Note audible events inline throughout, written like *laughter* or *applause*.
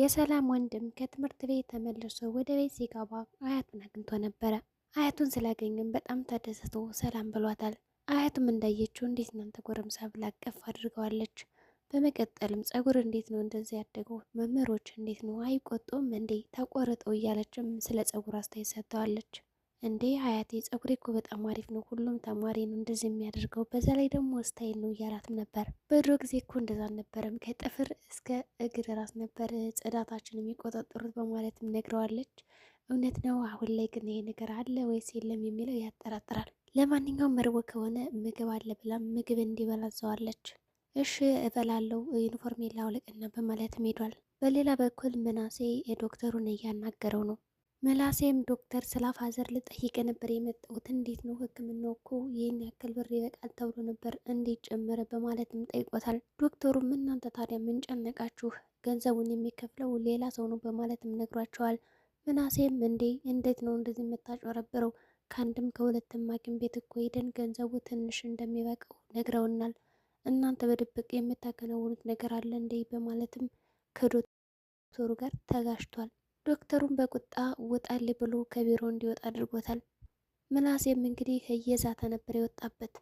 የሰላም ወንድም ከትምህርት ቤት ተመልሶ ወደ ቤት ሲገባ አያቱን አግኝቶ ነበረ። አያቱን ስላገኘም በጣም ተደስቶ ሰላም ብሏታል። አያቱም እንዳየችው እንዴት እናንተ ጎረምሳ ብላ አቀፍ አድርገዋለች። በመቀጠልም ጸጉር እንዴት ነው እንደዚህ ያደገው? መምህሮች እንዴት ነው አይቆጡም እንዴ? ተቆርጠው እያለችም ስለ ጸጉር አስተያየት ሰጥተዋለች። እንዴ አያቴ ጸጉሬ እኮ በጣም አሪፍ ነው፣ ሁሉም ተማሪ ነው እንደዚህ የሚያደርገው በዛ ላይ ደግሞ ስታይል ነው እያላትም ነበር። በድሮ ጊዜ እኮ እንደዛ አልነበረም፣ ከጥፍር እስከ እግር ራስ ነበር ጽዳታችን የሚቆጣጠሩት በማለትም ነግረዋለች። እውነት ነው። አሁን ላይ ግን ይሄ ነገር አለ ወይስ የለም የሚለው ያጠራጥራል። ለማንኛውም መርቦ ከሆነ ምግብ አለ ብላም ምግብ እንዲበላ ዘዋለች። እሺ እበላለው ዩኒፎርም ላውልቅና በማለትም ሄዷል። በሌላ በኩል ምናሴ ዶክተሩን እያናገረው ነው። መላሴም ዶክተር ስለ ፋዘር ልጠይቅ ነበር የመጣሁት። እንዴት ነው ህክምናው እኮ ይህን ያክል ብር ይበቃል ተብሎ ነበር እንዴት ጨመረ? በማለትም ጠይቆታል። ዶክተሩም እናንተ ታዲያ ምን ጨነቃችሁ? ገንዘቡን የሚከፍለው ሌላ ሰው ነው በማለትም ነግሯቸዋል። ምናሴም እንዴ እንዴት ነው እንደዚህ የምታጭበረብረው? ከአንድም ከሁለትም ሐኪም ቤት እኮ ሄደን ገንዘቡ ትንሽ እንደሚበቃው ነግረውናል። እናንተ በድብቅ የምታከናውኑት ነገር አለ እንዴ? በማለትም ከዶክተሩ ጋር ተጋጭቷል። ዶክተሩን በቁጣ ውጣል ብሎ ከቢሮ እንዲወጣ አድርጎታል። ምላሴም እንግዲህ እየዛተ ነበር የወጣበት።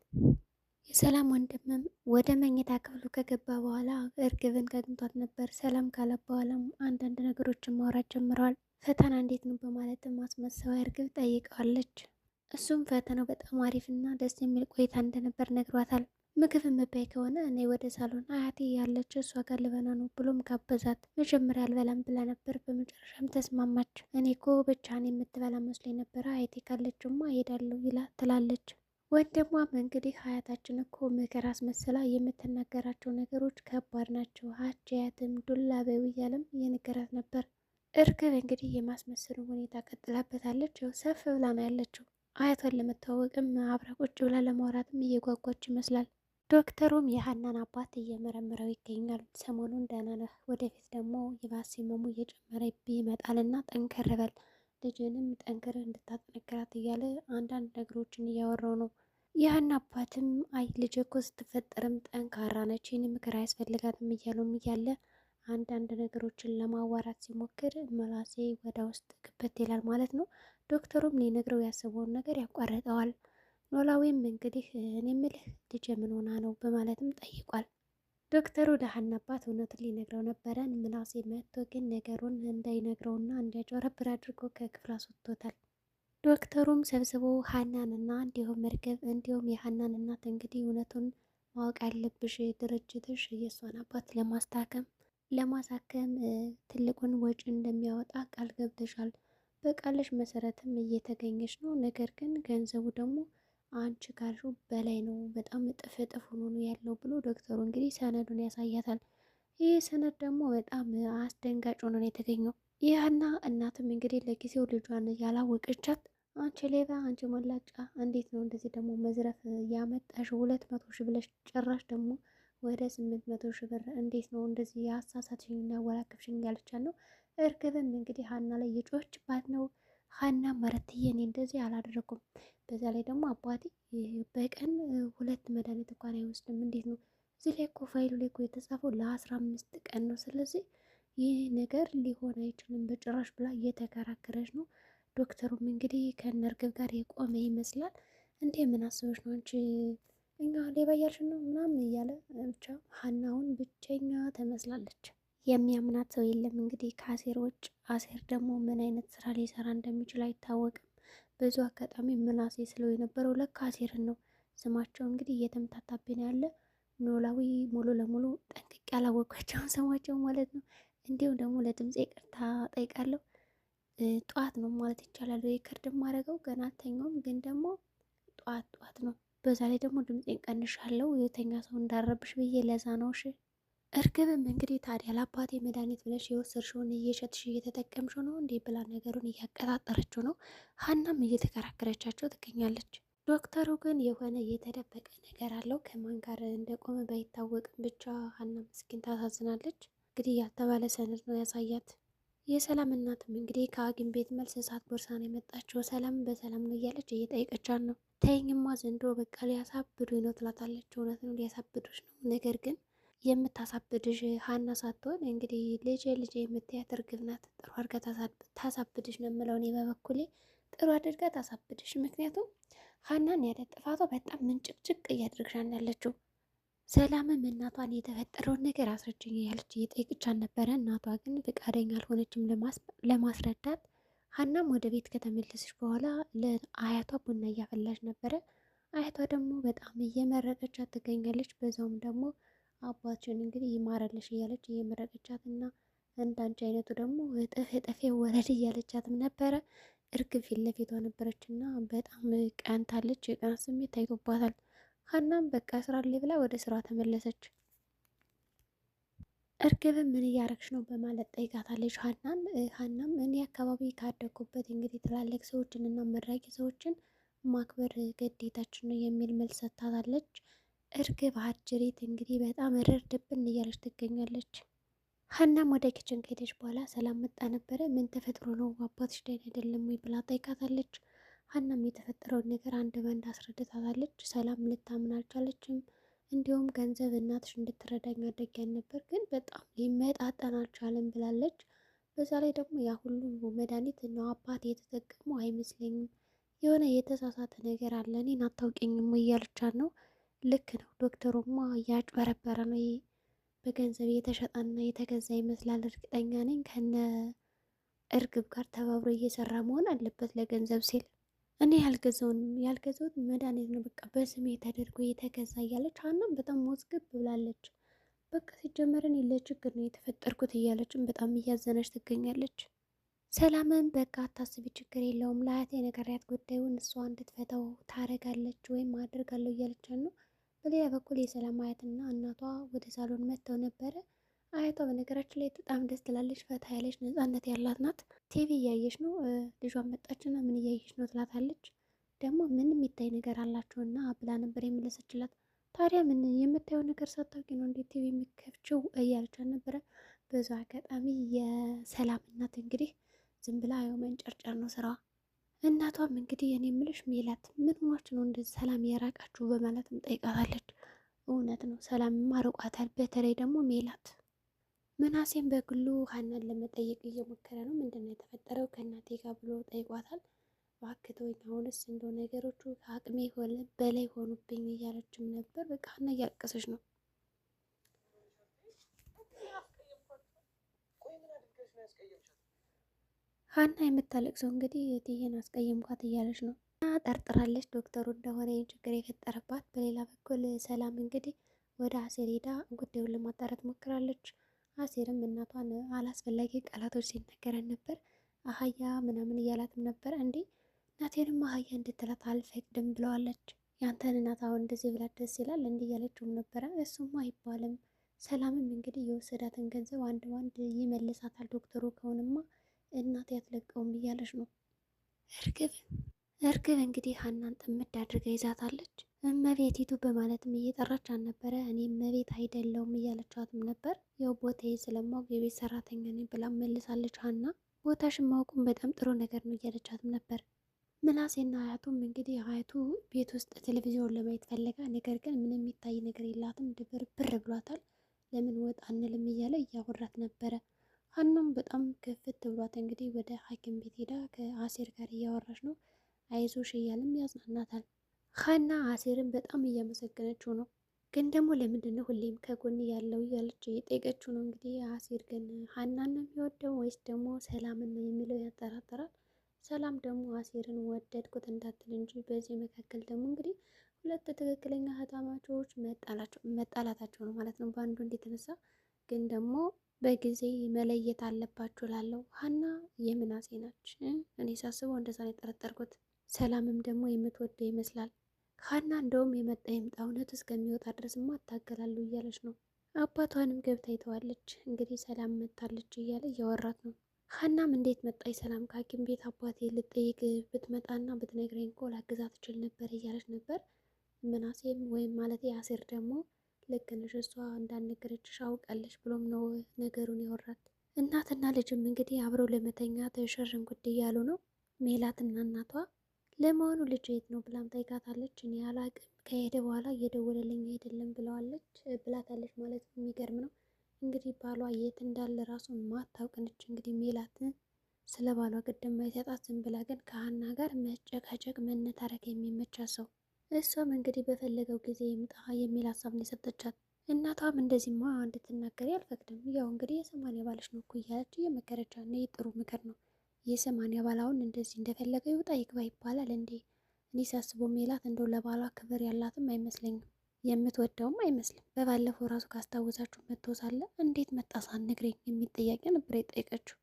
የሰላም ወንድምም ወደ መኝታ ክፍሉ ከገባ በኋላ እርግብን ከግንቷት ነበር። ሰላም ካለ በኋላም አንዳንድ ነገሮችን ማውራት ጀምረዋል። ፈተና እንዴት ነው በማለትም ማስመሰዋ እርግብ ጠይቀዋለች። እሱም ፈተናው በጣም አሪፍና ደስ የሚል ቆይታ እንደነበር ነግሯታል። ምግብ የምባይ ከሆነ እኔ ወደ ሳሎን አያቴ ያለች እሷ ጋር ልበላ ነው ብሎም ጋበዛት። መጀመሪያ አልበላም ብላ ነበር፣ በመጨረሻም ተስማማች። እኔ እኮ ብቻህን የምትበላ መስሎኝ ነበረ፣ አያቴ ካለችማ እሄዳለሁ ይላ ትላለች። ወንድሟም እንግዲህ አያታችን እኮ ምክር አስመስላ የምትናገራቸው ነገሮች ከባድ ናቸው፣ አች አያትም ዱላ በዩ እያለም የነገራት ነበር። እርግብ እንግዲህ የማስመሰሉ ሁኔታ ቀጥላበታለች። ያው ሰፍ ብላ ነው ያለችው። አያቷን ለመተዋወቅም አብራ ቁጭ ብላ ለማውራትም እየጓጓች ይመስላል። ዶክተሩም የሀናን አባት እየመረመረው ይገኛል። ሰሞኑን ደህና ነህ፣ ወደፊት ደግሞ የባሰ ህመሙ እየጨመረ ይመጣልና ጠንከር በል፣ ልጅንም ጠንክር እንድታጠነክራት እያለ አንዳንድ ነገሮችን እያወራው ነው። የሀና አባትም አይ ልጅ እኮ ስትፈጠርም ጠንካራ ነች፣ ይህን ምክር አያስፈልጋትም እያለውም እያለ አንዳንድ ነገሮችን ለማዋራት ሲሞክር መላሴ ወደ ውስጥ ክበት ይላል ማለት ነው። ዶክተሩም ሊነግረው ያሰበውን ነገር ያቋርጠዋል። ኖላዊም እንግዲህ እኔ ምልህ ልጄ ምን ሆና ነው በማለትም ጠይቋል። ዶክተሩ ለሀና አባት እውነቱን ሊነግረው ነበረ። ምናሴ መጥቶ ግን ነገሩን እንዳይነግረውና እንዲያጭበረብር አድርጎ ከክፍል አስወጥቶታል። ዶክተሩም ሰብስቦ ሀናንና እንዲሁም መርገብ እንዲሁም የሀናን እናት እንግዲህ እውነቱን ማወቅ ያለብሽ ድርጅትሽ የእሷን አባት ለማስታከም ለማሳከም ትልቁን ወጪ እንደሚያወጣ ቃል ገብተሻል። በቃለሽ መሰረትም እየተገኘች ነው። ነገር ግን ገንዘቡ ደግሞ አንቺ ካልሽው በላይ ነው፣ በጣም እጥፍ እጥፍ ሆኖ ነው ያለው ብሎ ዶክተሩ እንግዲህ ሰነዱን ያሳያታል። ይህ ሰነድ ደግሞ በጣም አስደንጋጭ ሆኖ ነው የተገኘው። ይህና እናትም እንግዲህ ለጊዜው ልጇን ያላወቀቻት አንቺ ሌባ፣ አንቺ መላጫ፣ እንዴት ነው እንደዚህ ደግሞ መዝረፍ ያመጣሽ? ሁለት መቶ ሺ ብለሽ ጭራሽ ደግሞ ወደ ስምንት መቶ ሺ ብር እንዴት ነው እንደዚህ የአሳሳትሽኝ እና ያወላከብሽኝ ያለቻት ነው። እርግብም እንግዲህ ሀና ላይ የጮችባት ነው። ሀና መረትዬ እኔ እንደዚህ አላደረኩም። በዛ ላይ ደግሞ አባቴ በቀን ሁለት መድኃኒት እንኳን አይወስድም። እንዴት ነው እዚህ ላይ እኮ ፋይሉ ላይ እኮ የተጻፈው ለአስራ አምስት ቀን ነው። ስለዚህ ይህ ነገር ሊሆን አይችልም በጭራሽ ብላ እየተከራከረች ነው። ዶክተሩም እንግዲህ ከነርግብ ጋር የቆመ ይመስላል። እንዴ ምን አስበሽ ነው አንቺ እኛ ሌባ እያልሽ ነው ምናምን እያለ ብቻ ሀናውን ብቸኛ ትመስላለች። የሚያምናት ሰው የለም። እንግዲህ ከአሴር ውጭ አሴር ደግሞ ምን አይነት ስራ ሊሰራ እንደሚችል አይታወቅም። ብዙ አጋጣሚ ምናሴ ስለው የነበረው ለካ አሴርን ነው። ስማቸው እንግዲህ እየተምታታብን ያለ ኖላዊ ሙሉ ለሙሉ ጠንቅቄ ያላወቋቸውን *laughs* ስማቸው ማለት ነው። እንዲሁም ደግሞ ለድምፅ ይቅርታ ጠይቃለሁ። ጠዋት ነው ማለት ይቻላል ሪከርድ ማድረገው ገና አልተኛውም፣ ግን ደግሞ ጠዋት ጠዋት ነው። በዛ ላይ ደግሞ ድምፄን ቀንሻለሁ የተኛ ሰው እንዳረብሽ ብዬ ለዛ ነው እሺ። እርግብም እንግዲህ ታዲያ ለአባቴ መድኃኒት ብለሽ የወሰድሽውን እየሸጥሽ እየተጠቀምሽው ነው እንዴ ብላ ነገሩን እያቀጣጠረችው ነው። ሀናም እየተከራከረቻቸው ትገኛለች። ዶክተሩ ግን የሆነ የተደበቀ ነገር አለው። ከማን ጋር እንደቆመ ባይታወቅም ብቻ ሀና ምስኪን ታሳዝናለች። እንግዲህ ያልተባለ ሰነድ ነው ያሳያት። የሰላም እናትም እንግዲህ ከአግን ቤት መልስ እሳት ቦርሳ ነው የመጣችው። ሰላም በሰላም ነው እያለች እየጠየቀቻት ነው። ተይኝማ ዘንድሮ በቃ ሊያሳብዱ ነው ትላታለች። እውነት ነው ሊያሳብዱች ነው። ነገር ግን የምታሳብድሽ ሀና ሳትሆን እንግዲህ ልጄ ልጄ የምትያት እርግብ ናት። ጥሩ አድርጋ ታሳብድሽ ነው የምለው እኔ በበኩሌ ጥሩ አድርጋ ታሳብድሽ። ምክንያቱም ሀናን ያለ ጥፋቷ በጣም ምንጭቅጭቅ እያደረግሻን ያለችው ሰላምም እናቷን የተፈጠረውን ነገር አስረጅኝ ያለች እየጠየቅቻን ነበረ። እናቷ ግን ፍቃደኛ አልሆነችም ለማስረዳት። ሀናም ወደ ቤት ከተመለሰች በኋላ ለአያቷ ቡና እያፈላች ነበረ። አያቷ ደግሞ በጣም እየመረቀቻት ትገኛለች። በዛውም ደግሞ አባችን እንግዲህ ይማረልሽ እያለች እየመረቀቻት እና እንዳንቺ አይነቱ ደግሞ እጥፍ እጥፍ ወረድ እያለቻትም ነበረ። እርግብ ፊት ለፊቷ ነበረች እና በጣም ቀንታለች። የቅናት ስሜት ታይቶባታል። ሀናም በቃ ስራ ላይ ብላ ወደ ስራ ተመለሰች። እርግብም ምን እያረግሽ ነው በማለት ጠይቃታለች ሀናን። ሀናም እኔ አካባቢ ካደግኩበት እንግዲህ ትላልቅ ሰዎችን እና መራቂ ሰዎችን ማክበር ግዴታችን ነው የሚል መልስ ሰጥታታለች። እርግብ አጅሪት እንግዲህ በጣም እርር ድብን እያለች ትገኛለች። ሀናም ወደ ኪችን ከሄደች በኋላ ሰላም መጣ ነበረ። ምን ተፈጥሮ ነው አባትሽ ደህና አይደለም ወይ ብላ ጠይቃታለች። ሀናም የተፈጠረውን ነገር አንድ በአንድ አስረድታታለች። ሰላም ልታምን አልቻለችም። እንዲሁም ገንዘብ እናትሽ እንድትረዳኝ አድርጊያን ነበር ግን በጣም ሊመጣጠን አልቻለም ብላለች። በዛ ላይ ደግሞ ያ ሁሉ መድኃኒት ነው አባት የተጠቀሙ አይመስለኝም፣ የሆነ የተሳሳተ ነገር አለ እኔን አታውቂኝም እያለቻት ነው ልክ ነው። ዶክተሩማ እያጭበረበረ ነው። በገንዘብ እየተሸጠና የተገዛ ይመስላል። እርግጠኛ ነኝ ከነ እርግብ ጋር ተባብሮ እየሰራ መሆን አለበት ለገንዘብ ሲል። እኔ ያልገዛውን ያልገዛውን መድኃኒት ነው በቃ በስሜ ተደርጎ የተገዛ እያለች አናም በጣም ሞዝግብ ብላለች። በቃ ሲጀመር ለችግር ነው የተፈጠርኩት እያለችም በጣም እያዘነች ትገኛለች። ሰላምን በቃ አታስቢ፣ ችግር የለውም ለአያቴ ነገርያት ጉዳዩን እሷ እንድትፈታው ታረጋለች ወይም አድርጋለሁ እያለች ነው በሌላ በኩል የሰላም አያትና እናቷ ወደ ሳሎን መጥተው ነበረ። አያቷ በነገራችን ላይ በጣም ደስ ትላለች፣ ፈታ ያለች ነፃነት ያላት ናት። ቲቪ እያየች ነው ልጇን መጣችና ምን እያየች ነው ትላታለች። ደግሞ ምን የሚታይ ነገር አላቸውና ብላ ነበር የመለሰችላት። ታዲያ ምን የምታየው ነገር ሳታውቂ ነው እንዴት ቲቪ የሚከፍችው እያለች ነበረ። በዛ አጋጣሚ የሰላም እናት እንግዲህ ዝም ብላ ያው መንጨርጨር ነው ስራዋ። እናቷም እንግዲህ እኔ ምልሽ ሜላት ምን ሆናችሁ ነው እንደዚህ ሰላም ያራቃችሁ? በማለትም ጠይቃታለች። እውነት ነው ሰላም ማርቋታል። በተለይ ደግሞ ሜላት ምናሴም በግሉ ሀናን ለመጠየቅ እየሞከረ ነው። ምንድን ነው የተፈጠረው ከእናቴ ጋር ብሎ ጠይቋታል። እባክህ አሁንስ እንደው ነገሮቹ ከአቅሜ በላይ ሆኑብኝ እያለችም ነበር። በቃ ሀና እያለቀሰች ነው። ሀና የምታለቅሰው እንግዲህ እትዬን አስቀየምኳት እያለች ነው እና ጠርጥራለች ዶክተሩ እንደሆነ ችግር የፈጠረባት። በሌላ በኩል ሰላም እንግዲህ ወደ አሴር ሄዳ ጉዳዩን ለማጣራት ሞክራለች። አሴርም እናቷን አላስፈላጊ ቃላቶች ሲነገረን ነበር አህያ ምናምን እያላትም ነበር። እንዴ እናቴንም አህያ እንድትላት አልፈቅድም ብለዋለች። ያንተን እናት አሁን እንደዚህ ብላት ደስ ይላል እንዲህ እያለችውም ነበረ። እሱም አይባልም። ሰላምም እንግዲህ የወሰዳትን ገንዘብ አንድ ባንድ ይመልሳታል ዶክተሩ ከሆንማ እናቴ አትለቀውም እያለች ነው። እርግብ እርግብ እንግዲህ ሀናን ጥምድ አድርጋ ይዛታለች። እመቤቲቱ በማለትም እየጠራች አልነበረ። እኔ እመቤት አይደለውም እያለቻትም ነበር። ያው ቦታዬ ስለማውቅ የቤት ሰራተኛ ነኝ ብላ መልሳለች። ሀና ቦታሽን ማወቁም በጣም ጥሩ ነገር ነው እያለቻትም ነበር። ምናሴና አያቱም እንግዲህ አያቱ ቤት ውስጥ ቴሌቪዥን ለማየት ፈለጋ። ነገር ግን ምንም የሚታይ ነገር የላትም። ድብር ብር ብሏታል። ለምን ወጣ አንልም እያለ እያወራት ነበረ። ሀናም በጣም ክፍት ብሏት እንግዲህ ወደ ሐኪም ቤት ሄዳ ከአሴር ጋር እያወራች ነው። አይዞሽ እያለም ያጽናናታል። ሀና አሴርን በጣም እያመሰገነችው ነው። ግን ደግሞ ለምንድን ነው ሁሌም ከጎን ያለው እያለች እየጠየቀችው ነው። እንግዲህ አሴር ግን ሀናን ነው የሚወደው ወይስ ደግሞ ሰላምን ነው የሚለው ያጠራጠራል። ሰላም ደግሞ አሴርን ወደድኩት እንዳትል እንጂ በዚህ መካከል ደግሞ እንግዲህ ሁለት ትክክለኛ ህታማቾች መጣላታቸው ነው ማለት ነው በአንዱ እንደተነሳ የተነሳ ግን ደግሞ በጊዜ መለየት አለባችሁ ላለው ሀና የምናሴ ናች። እኔ ሳስበው እንደዛ ነው የጠረጠርኩት። ሰላምም ደግሞ የምትወደው ይመስላል። ሀና እንደውም የመጣ ይምጣ እውነት እስከሚወጣ ድረስማ አታገላሉ እያለች ነው። አባቷንም ገብታ ይተዋለች። እንግዲህ ሰላም መታለች እያለ እያወራት ነው። ሀናም እንዴት መጣይ ሰላም ከሐኪም ቤት አባቴ ልጠይቅ ብትመጣና ብትነግረኝ እኮ ላግዛት ትችል ነበር እያለች ነበር። ምናሴም ወይም ማለት አሴር ደግሞ ልክ ነሽ፣ እሷ እንዳልነገረችሽ አውቃለች ብሎም ነው ነገሩን ያወራት። እናትና ልጅም እንግዲህ አብረው ለመተኛት ሸርንጉድ እያሉ ነው። ሜላትና እናቷ ለመሆኑ ልጅ የት ነው ብላም ጠይቃታለች። እኔ አላቅም ከሄደ በኋላ እየደወለልኝ አይደለም ብለዋለች ብላታለች። ማለት የሚገርም ነው እንግዲህ ባሏ የት እንዳለ ራሱ ማታውቅነች። እንግዲህ ሜላትን ስለ ባሏ ግድም ዝም ብላ ግን ከሀና ጋር መጨቃጨቅ መነታረክ የሚመቻ ሰው እሷም እንግዲህ በፈለገው ጊዜ ይምጣ የሚል ሀሳብ ነው የሰጠቻት። እናቷም እንደዚህማ እንድትናገሪ አልፈቅድም፣ ያው እንግዲህ የሰማንያ ባልሽ ነው እኮ እያለች እየመከረቻ እና የጥሩ ምክር ነው። የሰማንያ ባላውን እንደዚህ እንደፈለገ ይውጣ ይግባ ይባላል እንዴ? እኔ ሳስቦ ሜላት እንደው ለባሏ ክብር ያላትም አይመስለኝም፣ የምትወደውም አይመስልም። በባለፈው ራሱ ካስታወሳችሁ መጥቶ ሳለ እንዴት መጣ ሳትነግረኝ የሚል ጥያቄ ነበር የጠየቀችው።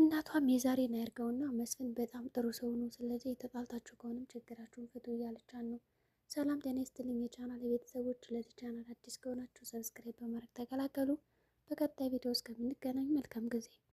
እናቷም የዛሬን አያርገውና መስፍን በጣም ጥሩ ሰው ነው፣ ስለዚህ የተጣልታችሁ ከሆነም ችግራችሁን ፍቱ እያለቻን ነው። ሰላም ጤና ይስጥልኝ የቻናል ቤተሰቦች፣ ለዚህ ቻናል አዲስ ከሆናችሁ ሰብስክራይብ በማድረግ ተቀላቀሉ። በቀጣይ ቪዲዮ እስከምንገናኝ መልካም ጊዜ